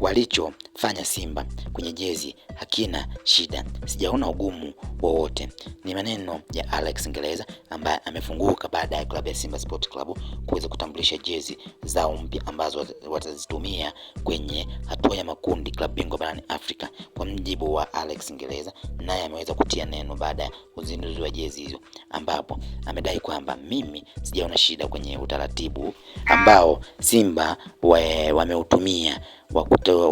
walichofanya Simba kwenye jezi hakina shida, sijaona ugumu wowote. Ni maneno ya Alex Ngereza ambaye amefunguka baada ya klabu ya Simba Sport Club kuweza kutambulisha jezi zao mpya ambazo watazitumia kwenye hatua ya makundi klabu bingwa barani Afrika. Kwa mjibu wa Alex Ngereza, naye ameweza kutia neno baada ya uzinduzi wa jezi hizo, ambapo amedai kwamba mimi sijaona shida kwenye utaratibu ambao Simba wameutumia wa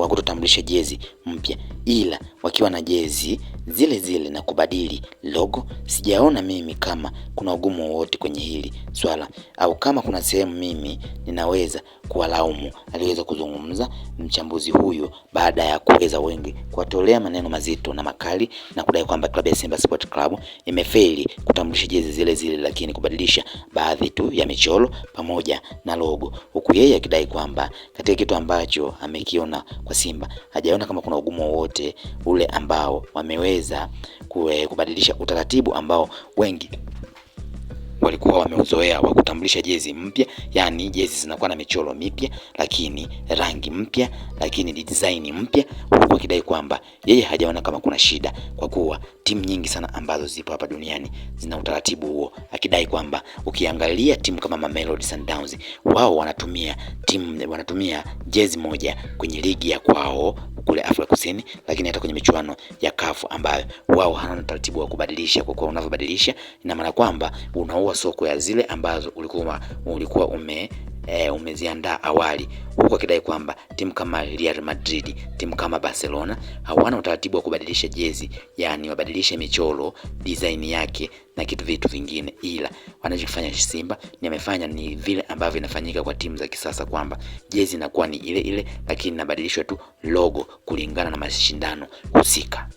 kutotambulisha jezi mpya, ila wakiwa na jezi zile zile na kubadili logo, sijaona mimi kama kuna ugumu wowote kwenye hili swala, au kama kuna sehemu mimi ninaweza kuwalaumu, aliweza kuzungumza mchambuzi huyo baada ya kuweza wengi kuwatolea maneno mazito na makali na kudai kwamba klabu ya Simba Sport Club imefeli kutambulisha jezi zile zile, lakini kubadilisha baadhi tu ya michoro pamoja na logo, huku yeye akidai kwamba katika kitu ambacho ame alikiona kwa Simba. Hajaona kama kuna ugumu wowote ule ambao wameweza eh, kubadilisha utaratibu ambao wengi walikuwa wameuzoea wa kutambulisha jezi mpya, yani jezi zinakuwa na michoro mipya, lakini rangi mpya, lakini design mpya, huku akidai kwamba yeye hajaona kama kuna shida, kwa kuwa timu nyingi sana ambazo zipo hapa duniani zina utaratibu huo, akidai kwamba ukiangalia timu kama Mamelodi Sundowns wao wanatumia timu wanatumia jezi moja kwenye ligi ya kwao kule Afrika Kusini, lakini hata kwenye michuano ya kafu ambayo wao hawana utaratibu wa kubadilisha, kwa kuwa unavyobadilisha ina maana kwamba unaua soko ya zile ambazo ulikuwa ulikuwa ume e, umeziandaa awali, huku akidai kwamba timu kama Real Madrid, timu kama Barcelona hawana utaratibu wa kubadilisha jezi, yani wabadilishe michoro, design yake na kitu vitu vingine, ila wanachofanya Simba ni amefanya ni vile ambavyo inafanyika kwa timu za kisasa kwamba jezi inakuwa ni ile ile, lakini inabadilishwa tu logo kulingana na mashindano husika.